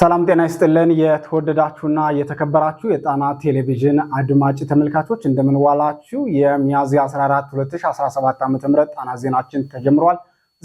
ሰላም ጤና ይስጥልን። የተወደዳችሁና የተከበራችሁ የጣና ቴሌቪዥን አድማጭ ተመልካቾች እንደምንዋላችሁ። የሚያዝያ 14 2017 ዓ ም ጣና ዜናችን ተጀምሯል።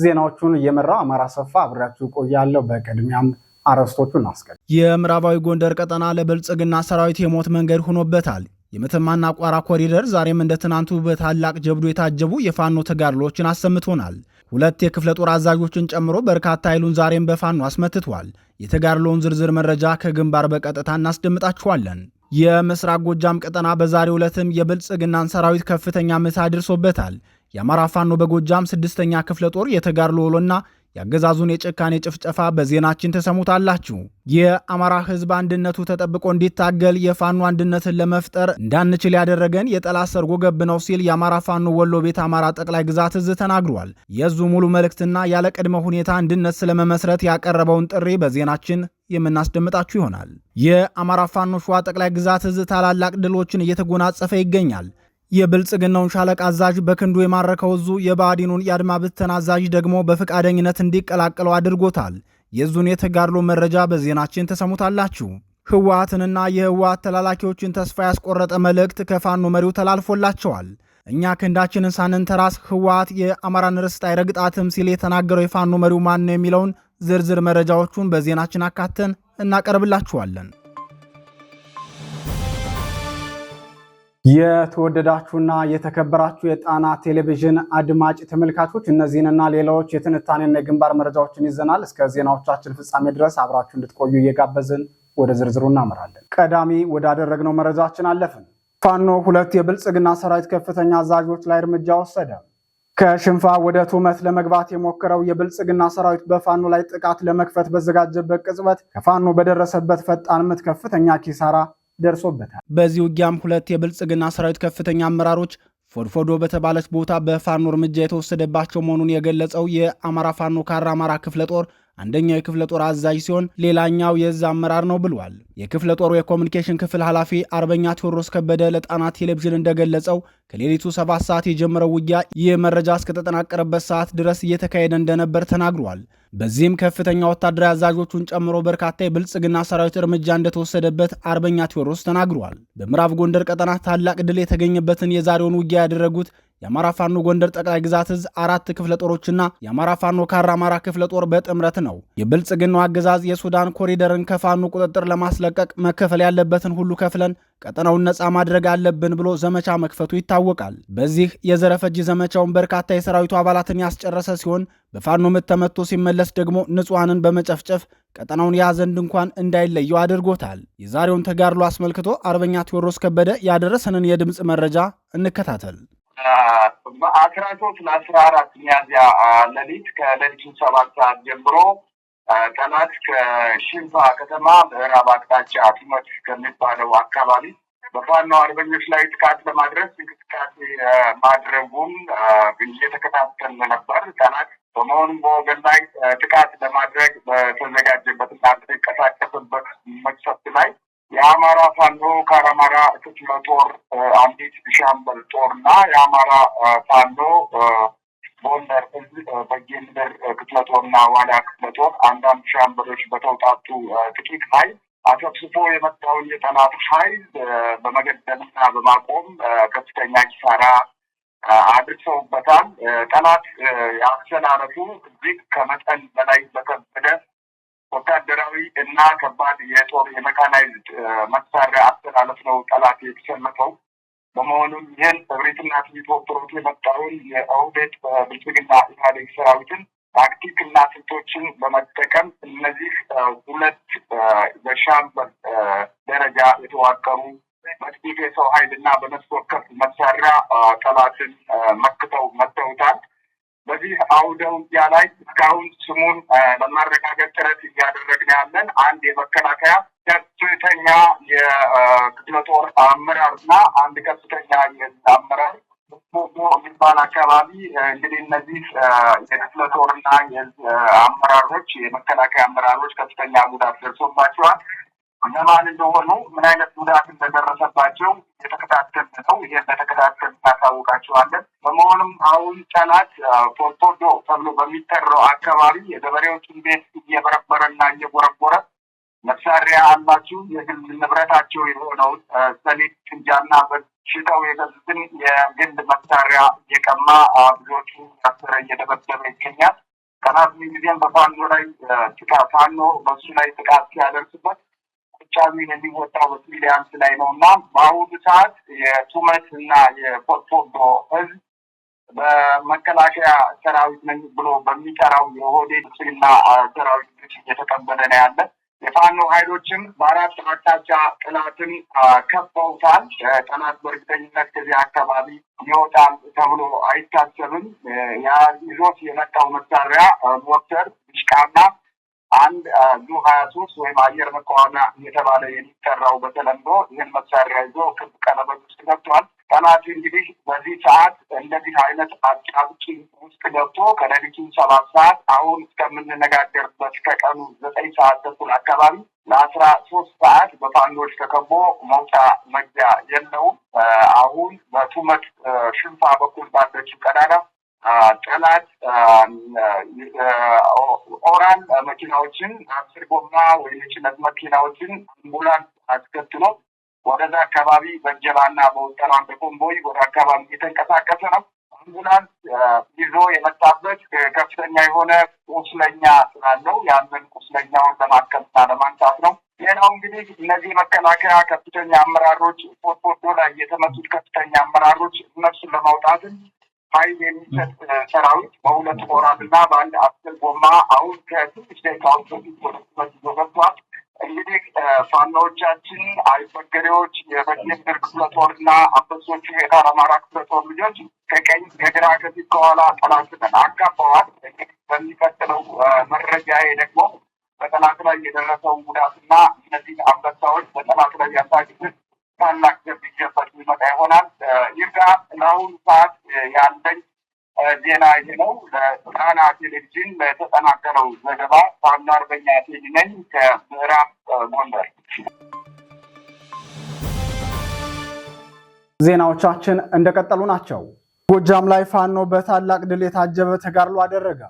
ዜናዎቹን እየመራው አማራ ሰፋ አብሬያችሁ ቆያለሁ። በቅድሚያም አርዕስቶቹን እናስቀድም። የምዕራባዊ ጎንደር ቀጠና ለብልጽግና ሰራዊት የሞት መንገድ ሆኖበታል። የመተማና ቋራ ኮሪደር ዛሬም እንደ ትናንቱ በታላቅ ጀብዱ የታጀቡ የፋኖ ተጋድሎችን አሰምቶናል። ሁለት የክፍለ ጦር አዛዦችን ጨምሮ በርካታ ኃይሉን ዛሬም በፋኖ አስመትቷል። የተጋድሎውን ዝርዝር መረጃ ከግንባር በቀጥታ እናስደምጣችኋለን። የምስራቅ ጎጃም ቀጠና በዛሬው ዕለትም የብልጽግናን ሰራዊት ከፍተኛ ምት አድርሶበታል። የአማራ ፋኖ በጎጃም ስድስተኛ ክፍለ ጦር የተጋድሎ ውሎና የአገዛዙን የጭካኔ ጭፍጨፋ በዜናችን ተሰሙታላችሁ። የአማራ ህዝብ አንድነቱ ተጠብቆ እንዲታገል የፋኖ አንድነትን ለመፍጠር እንዳንችል ያደረገን የጠላት ሰርጎ ገብ ነው ሲል የአማራ ፋኖ ወሎ ቤት አማራ ጠቅላይ ግዛት እዝ ተናግሯል። የዙ ሙሉ መልእክትና ያለ ቅድመ ሁኔታ አንድነት ስለመመስረት ያቀረበውን ጥሪ በዜናችን የምናስደምጣችሁ ይሆናል። የአማራ ፋኖ ሸዋ ጠቅላይ ግዛት እዝ ታላላቅ ድሎችን እየተጎናጸፈ ይገኛል። የብልጽግናውን ሻለቃ አዛዥ በክንዱ የማረከው እዙ የባዲኑን የአድማ ብተና አዛዥ ደግሞ በፈቃደኝነት እንዲቀላቀለው አድርጎታል። የዙን የተጋድሎ መረጃ በዜናችን ተሰሙታላችሁ። ህወሓትንና የህወሓት ተላላኪዎችን ተስፋ ያስቆረጠ መልእክት ከፋኖ መሪው ተላልፎላቸዋል። እኛ ክንዳችንን ሳንንተራስ ህወሓት የአማራን ርስት አይረግጣትም ሲል የተናገረው የፋኖ መሪው ማን ነው የሚለውን ዝርዝር መረጃዎቹን በዜናችን አካተን እናቀርብላችኋለን። የተወደዳችሁና የተከበራችሁ የጣና ቴሌቪዥን አድማጭ ተመልካቾች እነዚህንና ሌሎች የትንታኔና የግንባር መረጃዎችን ይዘናል። እስከ ዜናዎቻችን ፍጻሜ ድረስ አብራችሁ እንድትቆዩ እየጋበዝን ወደ ዝርዝሩ እናመራለን። ቀዳሚ ወዳደረግነው መረጃችን አለፍን። ፋኖ ሁለት የብልጽግና ሰራዊት ከፍተኛ አዛዦች ላይ እርምጃ ወሰደ። ከሽንፋ ወደ ቱመት ለመግባት የሞከረው የብልጽግና ሰራዊት በፋኖ ላይ ጥቃት ለመክፈት በዘጋጀበት ቅጽበት ከፋኖ በደረሰበት ፈጣን ምት ከፍተኛ ኪሳራ ደርሶበታል። በዚህ ውጊያም ሁለት የብልጽግና ሰራዊት ከፍተኛ አመራሮች ፎድፎዶ በተባለች ቦታ በፋኖ እርምጃ የተወሰደባቸው መሆኑን የገለጸው የአማራ ፋኖ ካራ አማራ ክፍለ ጦር አንደኛው የክፍለ ጦር አዛዥ ሲሆን ሌላኛው የዛ አመራር ነው ብሏል። የክፍለ ጦሩ የኮሚኒኬሽን ክፍል ኃላፊ አርበኛ ቴዎድሮስ ከበደ ለጣና ቴሌቪዥን እንደገለጸው ከሌሊቱ ሰባት ሰዓት የጀመረው ውጊያ ይህ መረጃ እስከተጠናቀረበት ሰዓት ድረስ እየተካሄደ እንደነበር ተናግሯል። በዚህም ከፍተኛ ወታደራዊ አዛዦቹን ጨምሮ በርካታ የብልጽግና ሰራዊት እርምጃ እንደተወሰደበት አርበኛ ቴዎድሮስ ተናግሯል። በምዕራብ ጎንደር ቀጠና ታላቅ ድል የተገኘበትን የዛሬውን ውጊያ ያደረጉት የአማራ ፋኖ ጎንደር ጠቅላይ ግዛት እዝ አራት ክፍለ ጦሮችና የአማራ ፋኖ ካራ አማራ ክፍለ ጦር በጥምረት ነው። የብልጽግናው አገዛዝ የሱዳን ኮሪደርን ከፋኖ ቁጥጥር ለማስለቀቅ መከፈል ያለበትን ሁሉ ከፍለን ቀጠናውን ነፃ ማድረግ አለብን ብሎ ዘመቻ መክፈቱ ይታወቃል። በዚህ የዘረፈጅ ዘመቻውን በርካታ የሰራዊቱ አባላትን ያስጨረሰ ሲሆን በፋኖ ምት ተመቶ ሲመለስ ደግሞ ንጹሐንን በመጨፍጨፍ ቀጠናውን የያዘንድ እንኳን እንዳይለየው አድርጎታል። የዛሬውን ተጋድሎ አስመልክቶ አርበኛ ቴዎድሮስ ከበደ ያደረሰንን የድምፅ መረጃ እንከታተል። አስራሾች ለአስራ አራት ሚያዝያ ሌሊት ከሌሊቱን ሰባት ሰዓት ጀምሮ ጠላት ከሽንፋ ከተማ ምዕራብ አቅጣጫ ቱመት ከሚባለው አካባቢ በፋኖ አርበኞች ላይ ጥቃት ለማድረስ እንቅስቃሴ ማድረጉን እየተከታተል ነበር። ጠላት በመሆኑም በወገን ላይ ጥቃት ለማድረግ በተዘጋጀበትና በተንቀሳቀሰበት መቅሰፍት ላይ የአማራ ፋኖ ካራማራ ክፍለ ጦር አንዲት ሻምበል ጦር እና የአማራ ፋኖ ጎንደር በጌምድር ክፍለ ጦር እና ዋላ ክፍለ ጦር አንዳንድ ሻምበሎች በተውጣጡ ጥቂት ኃይል አሰብስቦ የመጣውን የጠላት ኃይል በመገደልና በማቆም ከፍተኛ ኪሳራ አድርሰውበታል። ጠላት የአሰላለፉ እጅግ ከመጠን በላይ በከበደ ወታደራዊ እና ከባድ የጦር የመካናይዝድ መሳሪያ አስተላለፍ ነው ጠላት የተሰለፈው። በመሆኑም ይህን እብሪትና ትዕቢት ወጥሮት የመጣውን የኦህዴድ ብልጽግና ኢህአዴግ ሰራዊትን ታክቲክ እና ስልቶችን በመጠቀም እነዚህ ሁለት በሻምበል ደረጃ የተዋቀሩ መጥፊት የሰው ኃይል እና በነፍስ ወከፍ መሳሪያ ጠላትን መክተው መተውታል። በዚህ አውደ ውጊያ ላይ እስካሁን ስሙን ለማረጋገጥ ጥረት እያደረግን ያለን አንድ የመከላከያ ከፍተኛ የክፍለ ጦር አመራር እና አንድ ከፍተኛ አመራር የሚባል አካባቢ እንግዲህ እነዚህ የክፍለ ጦርና አመራሮች የመከላከያ አመራሮች ከፍተኛ ጉዳት ደርሶባቸዋል። ለማን እንደሆኑ ምን አይነት ጉዳት እንደደረሰባቸው የተከታተል ነው። ይህን በተከታተል እናሳውቃቸዋለን። በመሆኑም አሁን ጠላት ፎርቶዶ ተብሎ በሚጠራው አካባቢ የገበሬዎችን ቤት እየበረበረና እየጎረጎረ መሳሪያ አላችሁ የግል ንብረታቸው የሆነውን ሰሊጥ፣ ቅንጃና በሽተው የገዙትን የግል መሳሪያ እየቀማ ብዙዎቹ ያሰረ እየደበደበ ይገኛል። ጠላት ጊዜም በፋኖ ላይ ፋኖ በሱ ላይ ጥቃት ሲያደርስበት ቻርሚን የሚወጣው ዊሊያምስ ላይ ነው እና በአሁኑ ሰዓት የቱመት እና የፖርቶዶ ህዝብ በመከላከያ ሰራዊት ነኝ ብሎ በሚጠራው የሆዴ ጽግና ሰራዊት እየተቀበለ ነው ያለ። የፋኖ ኃይሎችን በአራት አቅጣጫ ጥላትን ከበውታል። ጠላት በእርግጠኝነት ከዚህ አካባቢ ይወጣል ተብሎ አይታሰብም። ያ ይዞት የመጣው መሳሪያ ሞተር፣ ዲሽቃና አንድ ዙ ሀያ ሶስት ወይም አየር መቃወሚያ እየተባለ የሚጠራው በተለምዶ ይህን መሳሪያ ይዞ ክብ ቀለበት ውስጥ ገብቷል። ጠላት እንግዲህ በዚህ ሰዓት እንደዚህ አይነት አጫብጭ ውስጥ ገብቶ ከሌሊቱ ሰባት ሰዓት አሁን እስከምንነጋገርበት ከቀኑ ዘጠኝ ሰዓት ተኩል አካባቢ ለአስራ ሶስት ሰዓት በፋንዶች ተከቦ መውጫ መግቢያ የለውም። አሁን በቱመት ሽንፋ በኩል ባለችው ቀዳዳ ጠላት ኦራል መኪናዎችን አስር ጎማ ወይም የጭነት መኪናዎችን አምቡላንስ አስከትሎ ወደዛ አካባቢ በእጀባና በወጠራ በኮንቦይ ወደ አካባቢ እየተንቀሳቀሰ ነው። አምቡላንስ ይዞ የመጣበት ከፍተኛ የሆነ ቁስለኛ ስላለው ያንን ቁስለኛውን ለማከምና ለማንሳት ነው። ሌላው እንግዲህ እነዚህ መከላከያ ከፍተኛ አመራሮች ፖርፖርዶ ላይ የተመቱት ከፍተኛ አመራሮች እነሱን ለማውጣትን ኃይል የሚሰጥ ሰራዊት በሁለት ሞራል እና በአንድ አስር ጎማ አሁን ከስድስት ደቂቃዎች በፊት ወደ ቁመት ይዞ ገብቷል። እንግዲህ ፋኖዎቻችን አይበገሬዎች የበጌምድር ክፍለ ጦር እና አንበሶቹ የጋር አማራ ክፍለ ጦር ልጆች ከቀኝ ከግራ ከፊት ከኋላ ጠላትን አጋባዋል። እንግዲህ በሚቀጥለው መረጃዬ ደግሞ በጠላት ላይ የደረሰው ጉዳት እና እነዚህ አንበሳዎች በጠላት ላይ ያሳጅትን ታላቅ ገብ ይጀበት ይመጣ ይሆናል። ይርጋ ለአሁኑ ሰዓት ያለኝ ዜና ይህ ነው። ለጣና ቴሌቪዥን ለተጠናቀረው ዘገባ ዋና አርበኛ ቴዲ ነኝ ከምዕራብ ጎንደር። ዜናዎቻችን እንደቀጠሉ ናቸው። ጎጃም ላይ ፋኖ በታላቅ ድል የታጀበ ተጋድሎ አደረገ።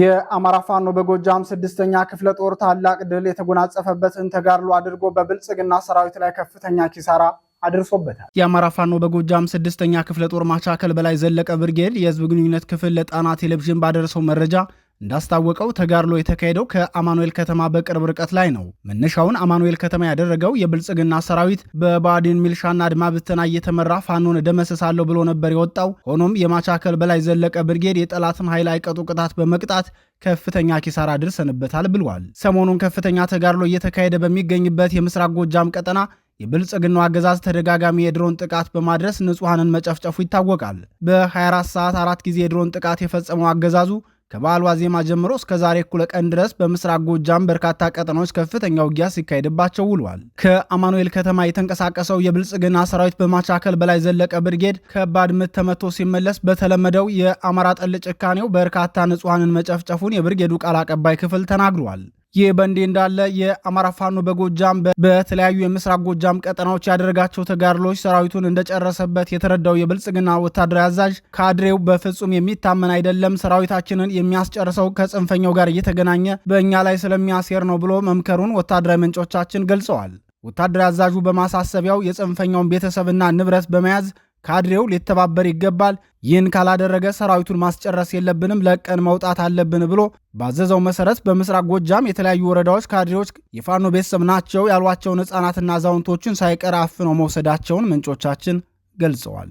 የአማራ ፋኖ በጎጃም ስድስተኛ ክፍለ ጦር ታላቅ ድል የተጎናጸፈበትን ተጋድሎ አድርጎ በብልጽግና ሰራዊት ላይ ከፍተኛ ኪሳራ አድርሶበታል። የአማራ ፋኖ በጎጃም ስድስተኛ ክፍለ ጦር ማቻከል በላይ ዘለቀ ብርጌድ የህዝብ ግንኙነት ክፍል ለጣና ቴሌቪዥን ባደረሰው መረጃ እንዳስታወቀው ተጋድሎ የተካሄደው ከአማኑኤል ከተማ በቅርብ ርቀት ላይ ነው። መነሻውን አማኑኤል ከተማ ያደረገው የብልጽግና ሰራዊት በባዴን ሚልሻና አድማ ብተና እየተመራ ፋኖን ደመሰሳለሁ ብሎ ነበር የወጣው። ሆኖም የማቻከል በላይ ዘለቀ ብርጌድ የጠላትን ኃይል አይቀጡ ቅጣት በመቅጣት ከፍተኛ ኪሳራ ደርሰንበታል ብሏል። ሰሞኑን ከፍተኛ ተጋድሎ እየተካሄደ በሚገኝበት የምስራቅ ጎጃም ቀጠና የብልጽግናው አገዛዝ ተደጋጋሚ የድሮን ጥቃት በማድረስ ንጹሐንን መጨፍጨፉ ይታወቃል። በ24 ሰዓት አራት ጊዜ የድሮን ጥቃት የፈጸመው አገዛዙ ከበዓል ዋዜማ ጀምሮ እስከ ዛሬ እኩለ ቀን ድረስ በምስራቅ ጎጃም በርካታ ቀጠናዎች ከፍተኛ ውጊያ ሲካሄድባቸው ውሏል። ከአማኑኤል ከተማ የተንቀሳቀሰው የብልጽግና ሰራዊት በማቻከል በላይ ዘለቀ ብርጌድ ከባድ ምት ተመቶ ሲመለስ በተለመደው የአማራ ጠል ጭካኔው በርካታ ንጹሐንን መጨፍጨፉን የብርጌዱ ቃል አቀባይ ክፍል ተናግሯል። ይህ በእንዲህ እንዳለ የአማራ ፋኖ በጎጃም በተለያዩ የምስራቅ ጎጃም ቀጠናዎች ያደረጋቸው ተጋድሎች ሰራዊቱን እንደጨረሰበት የተረዳው የብልጽግና ወታደራዊ አዛዥ ካድሬው በፍጹም የሚታመን አይደለም፣ ሰራዊታችንን የሚያስጨርሰው ከጽንፈኛው ጋር እየተገናኘ በእኛ ላይ ስለሚያሴር ነው ብሎ መምከሩን ወታደራዊ ምንጮቻችን ገልጸዋል። ወታደራዊ አዛዡ በማሳሰቢያው የጽንፈኛውን ቤተሰብና ንብረት በመያዝ ካድሬው ሊተባበር ይገባል። ይህን ካላደረገ ሰራዊቱን ማስጨረስ የለብንም፣ ለቀን መውጣት አለብን ብሎ ባዘዘው መሰረት በምስራቅ ጎጃም የተለያዩ ወረዳዎች ካድሬዎች የፋኖ ቤተሰብ ናቸው ያሏቸውን ሕፃናትና አዛውንቶችን ሳይቀር አፍነው መውሰዳቸውን ምንጮቻችን ገልጸዋል።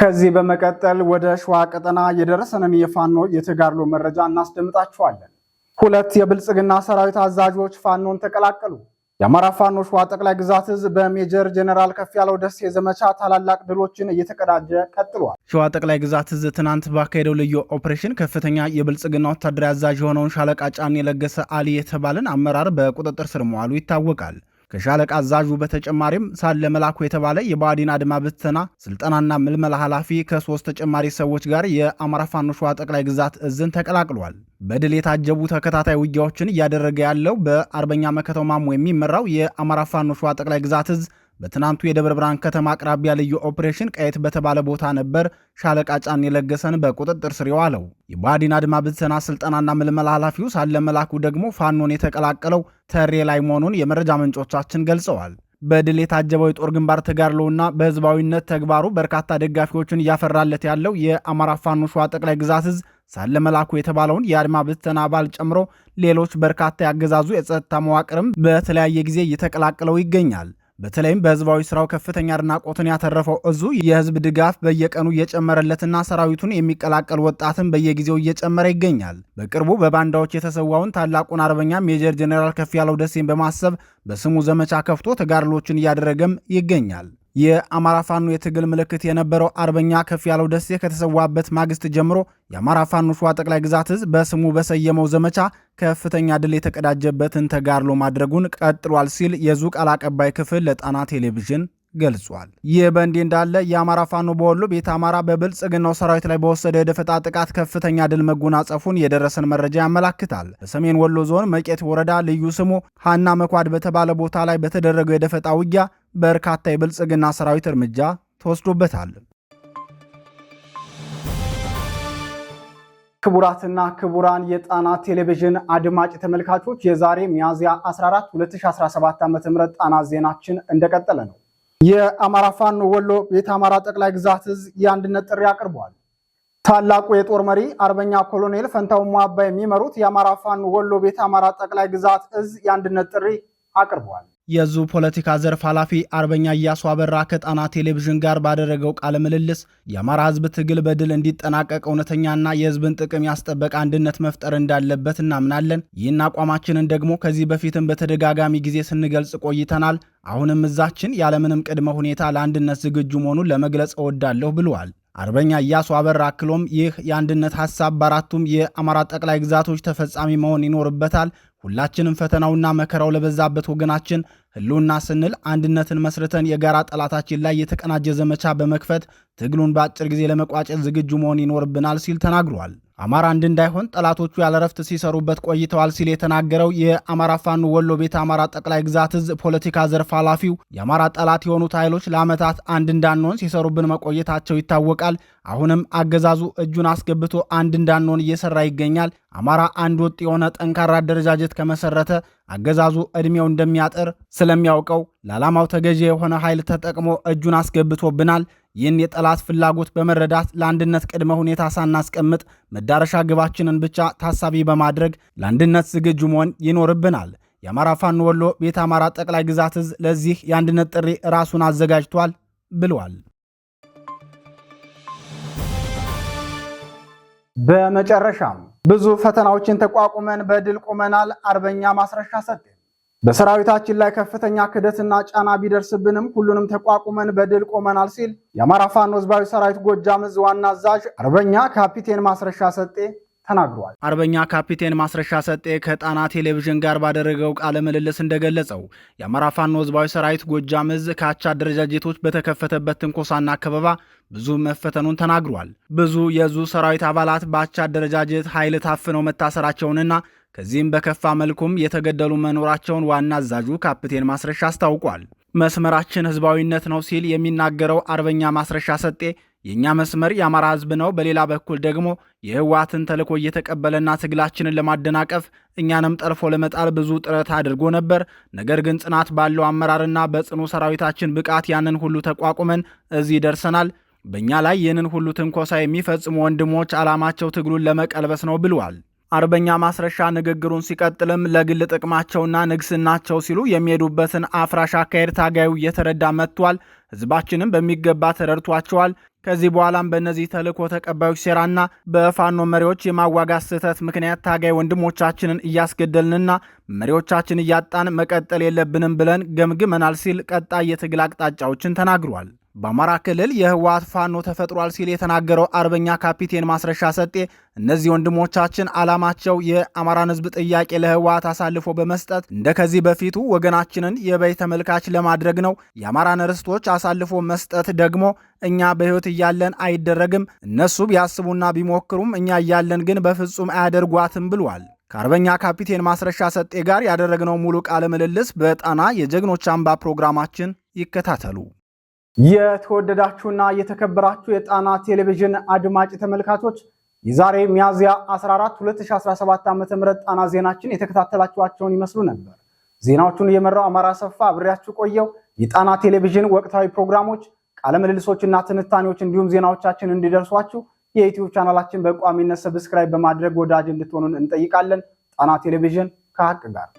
ከዚህ በመቀጠል ወደ ሸዋ ቀጠና የደረሰንን የፋኖ የተጋድሎ መረጃ እናስደምጣችኋለን። ሁለት የብልጽግና ሰራዊት አዛዦች ፋኖን ተቀላቀሉ። የአማራ ፋኖ ሸዋ ጠቅላይ ግዛት እዝ በሜጀር ጀነራል ያለው ደሴ ዘመቻ ታላላቅ ድሎችን እየተቀዳጀ ቀጥሏል። ሸዋ ጠቅላይ ግዛት እዝ ትናንት ባካሄደው ልዩ ኦፕሬሽን ከፍተኛ የብልጽግና ወታደራዊ አዛዥ የሆነውን ሻለቃ ጫን የለገሰ አሊ የተባለን አመራር በቁጥጥር ስር መዋሉ ይታወቃል። ከሻለቃ አዛዡ በተጨማሪም ሳለ መላኩ የተባለ የባዲን አድማ ብተና ስልጠናና ምልመላ ኃላፊ ከሶስት ተጨማሪ ሰዎች ጋር የአማራ ፋኖ ሸዋ ጠቅላይ ግዛት እዝን ተቀላቅሏል። በድል የታጀቡ ተከታታይ ውጊያዎችን እያደረገ ያለው በአርበኛ መከተው ማሞ የሚመራው የአማራ ፋኖ ሸዋ ጠቅላይ ግዛት እዝ በትናንቱ የደብረ ብርሃን ከተማ አቅራቢያ ልዩ ኦፕሬሽን ቀየት በተባለ ቦታ ነበር ሻለቃ ጫን የለገሰን በቁጥጥር ስር የዋለው። የባዲን አድማ ብተና ስልጠናና ምልመላ ኃላፊው ሳለ መላኩ ደግሞ ፋኖን የተቀላቀለው ተሬ ላይ መሆኑን የመረጃ ምንጮቻችን ገልጸዋል። በድል የታጀበው የጦር ግንባር ተጋድሎና በህዝባዊነት ተግባሩ በርካታ ደጋፊዎችን እያፈራለት ያለው የአማራ ፋኖ ሸዋ ጠቅላይ ግዛት እዝ ሳለ መላኩ የተባለውን የአድማ ብተና አባል ጨምሮ ሌሎች በርካታ ያገዛዙ የጸጥታ መዋቅርም በተለያየ ጊዜ እየተቀላቀለው ይገኛል። በተለይም በህዝባዊ ስራው ከፍተኛ አድናቆትን ያተረፈው እዙ የህዝብ ድጋፍ በየቀኑ እየጨመረለትና ሰራዊቱን የሚቀላቀል ወጣትን በየጊዜው እየጨመረ ይገኛል። በቅርቡ በባንዳዎች የተሰዋውን ታላቁን አርበኛ ሜጀር ጄኔራል ከፍያለው ደሴን በማሰብ በስሙ ዘመቻ ከፍቶ ተጋድሎችን እያደረገም ይገኛል። የአማራ ፋኖ የትግል ምልክት የነበረው አርበኛ ከፍ ያለው ደሴ ከተሰዋበት ማግስት ጀምሮ የአማራ ፋኖ ሸዋ ጠቅላይ ግዛት ህዝብ በስሙ በሰየመው ዘመቻ ከፍተኛ ድል የተቀዳጀበትን ተጋድሎ ማድረጉን ቀጥሏል ሲል የዙ ቃል አቀባይ ክፍል ለጣና ቴሌቪዥን ገልጿል። ይህ በእንዲህ እንዳለ የአማራ ፋኖ በወሎ ቤት አማራ በብልጽግናው ሰራዊት ላይ በወሰደ የደፈጣ ጥቃት ከፍተኛ ድል መጎናጸፉን የደረሰን መረጃ ያመላክታል። በሰሜን ወሎ ዞን መቄት ወረዳ ልዩ ስሙ ሀና መኳድ በተባለ ቦታ ላይ በተደረገው የደፈጣ ውጊያ በርካታ የብልጽግና ሰራዊት እርምጃ ተወስዶበታል። ክቡራትና ክቡራን የጣና ቴሌቪዥን አድማጭ ተመልካቾች የዛሬ ሚያዝያ 14 2017 ዓ ም ጣና ዜናችን እንደቀጠለ ነው። የአማራ ፋኖ ወሎ ቤተ አማራ ጠቅላይ ግዛት እዝ የአንድነት ጥሪ አቅርቧል። ታላቁ የጦር መሪ አርበኛ ኮሎኔል ፈንታው ሟባ የሚመሩት የአማራ ፋኖ ወሎ ቤተ አማራ ጠቅላይ ግዛት እዝ የአንድነት ጥሪ አቅርቧል። የዙ ፖለቲካ ዘርፍ ኃላፊ አርበኛ እያሱ አበራ ከጣና ቴሌቪዥን ጋር ባደረገው ቃለ ምልልስ የአማራ ህዝብ ትግል በድል እንዲጠናቀቅ እውነተኛና የህዝብን ጥቅም ያስጠበቀ አንድነት መፍጠር እንዳለበት እናምናለን። ይህን አቋማችንን ደግሞ ከዚህ በፊትም በተደጋጋሚ ጊዜ ስንገልጽ ቆይተናል። አሁንም እዛችን ያለምንም ቅድመ ሁኔታ ለአንድነት ዝግጁ መሆኑን ለመግለጽ እወዳለሁ ብለዋል። አርበኛ እያሱ አበራ አክሎም ይህ የአንድነት ሀሳብ በአራቱም የአማራ ጠቅላይ ግዛቶች ተፈጻሚ መሆን ይኖርበታል። ሁላችንም ፈተናውና መከራው ለበዛበት ወገናችን ህልውና ስንል አንድነትን መስርተን የጋራ ጠላታችን ላይ የተቀናጀ ዘመቻ በመክፈት ትግሉን በአጭር ጊዜ ለመቋጨት ዝግጁ መሆን ይኖርብናል ሲል ተናግሯል። አማራ አንድ እንዳይሆን ጠላቶቹ ያለረፍት ሲሰሩበት ቆይተዋል ሲል የተናገረው የአማራ ፋኖ ወሎ ቤት አማራ ጠቅላይ ግዛት እዝ ፖለቲካ ዘርፍ ኃላፊው የአማራ ጠላት የሆኑት ኃይሎች ለዓመታት አንድ እንዳንሆን ሲሰሩብን መቆየታቸው ይታወቃል። አሁንም አገዛዙ እጁን አስገብቶ አንድ እንዳንሆን እየሰራ ይገኛል። አማራ አንድ ወጥ የሆነ ጠንካራ አደረጃጀት ከመሰረተ አገዛዙ ዕድሜው እንደሚያጥር ስለሚያውቀው ለዓላማው ተገዢ የሆነ ኃይል ተጠቅሞ እጁን አስገብቶብናል። ይህን የጠላት ፍላጎት በመረዳት ለአንድነት ቅድመ ሁኔታ ሳናስቀምጥ መዳረሻ ግባችንን ብቻ ታሳቢ በማድረግ ለአንድነት ዝግጁ መሆን ይኖርብናል። የአማራ ፋኖ ወሎ ቤት አማራ ጠቅላይ ግዛት እዝ ለዚህ የአንድነት ጥሪ ራሱን አዘጋጅቷል ብለዋል። በመጨረሻም ብዙ ፈተናዎችን ተቋቁመን በድል ቆመናል። አርበኛ ማስረሻ ሰጤ በሰራዊታችን ላይ ከፍተኛ ክደትና ጫና ቢደርስብንም ሁሉንም ተቋቁመን በድል ቆመናል ሲል የአማራ ፋኖ ህዝባዊ ሰራዊት ጎጃም ዕዝ ዋና አዛዥ አርበኛ ካፒቴን ማስረሻ ሰጤ ተናግሯል። አርበኛ ካፒቴን ማስረሻ ሰጤ ከጣና ቴሌቪዥን ጋር ባደረገው ቃለ ምልልስ እንደገለጸው የአማራ ፋኖ ህዝባዊ ሰራዊት ጎጃም ዕዝ ከአቻ አደረጃጀቶች በተከፈተበት ትንኮሳና ከበባ ብዙ መፈተኑን ተናግሯል። ብዙ የዙ ሰራዊት አባላት በአቻ አደረጃጀት ኃይል ታፍነው መታሰራቸውንና ከዚህም በከፋ መልኩም የተገደሉ መኖራቸውን ዋና አዛዡ ካፕቴን ማስረሻ አስታውቋል። መስመራችን ህዝባዊነት ነው ሲል የሚናገረው አርበኛ ማስረሻ ሰጤ የእኛ መስመር የአማራ ህዝብ ነው፣ በሌላ በኩል ደግሞ የህወሓትን ተልዕኮ እየተቀበለና ትግላችንን ለማደናቀፍ እኛንም ጠልፎ ለመጣል ብዙ ጥረት አድርጎ ነበር። ነገር ግን ጽናት ባለው አመራርና በጽኑ ሰራዊታችን ብቃት ያንን ሁሉ ተቋቁመን እዚህ ደርሰናል። በእኛ ላይ ይህንን ሁሉ ትንኮሳ የሚፈጽሙ ወንድሞች ዓላማቸው ትግሉን ለመቀልበስ ነው ብለዋል። አርበኛ ማስረሻ ንግግሩን ሲቀጥልም ለግል ጥቅማቸውና ንግስናቸው ሲሉ የሚሄዱበትን አፍራሽ አካሄድ ታጋዩ እየተረዳ መጥቷል። ህዝባችንም በሚገባ ተረድቷቸዋል። ከዚህ በኋላም በእነዚህ ተልእኮ ተቀባዮች ሴራና በፋኖ መሪዎች የማዋጋት ስህተት ምክንያት ታጋይ ወንድሞቻችንን እያስገደልንና መሪዎቻችን እያጣን መቀጠል የለብንም ብለን ገምግመናል ሲል ቀጣይ የትግል አቅጣጫዎችን ተናግሯል። በአማራ ክልል የህወሓት ፋኖ ተፈጥሯል ሲል የተናገረው አርበኛ ካፒቴን ማስረሻ ሰጤ እነዚህ ወንድሞቻችን አላማቸው የአማራን ህዝብ ጥያቄ ለህወሓት አሳልፎ በመስጠት እንደ ከዚህ በፊቱ ወገናችንን የበይ ተመልካች ለማድረግ ነው። የአማራን ርስቶች አሳልፎ መስጠት ደግሞ እኛ በህይወት እያለን አይደረግም። እነሱ ቢያስቡና ቢሞክሩም እኛ እያለን ግን በፍጹም አያደርጓትም ብሏል። ከአርበኛ ካፒቴን ማስረሻ ሰጤ ጋር ያደረግነው ሙሉ ቃለ ምልልስ በጣና የጀግኖች አምባ ፕሮግራማችን ይከታተሉ። የተወደዳችሁና የተከበራችሁ የጣና ቴሌቪዥን አድማጭ ተመልካቾች የዛሬ ሚያዝያ 14 2017 ዓ.ም ጣና ዜናችን የተከታተላችኋቸውን ይመስሉ ነበር። ዜናዎቹን እየመራው አማራ ሰፋ አብሬያችሁ ቆየው። የጣና ቴሌቪዥን ወቅታዊ ፕሮግራሞች፣ ቃለ ምልልሶችና ትንታኔዎች እንዲሁም ዜናዎቻችን እንዲደርሷችሁ የዩትዩብ ቻናላችን በቋሚነት ሰብስክራይብ በማድረግ ወዳጅ እንድትሆኑን እንጠይቃለን። ጣና ቴሌቪዥን ከሀቅ ጋር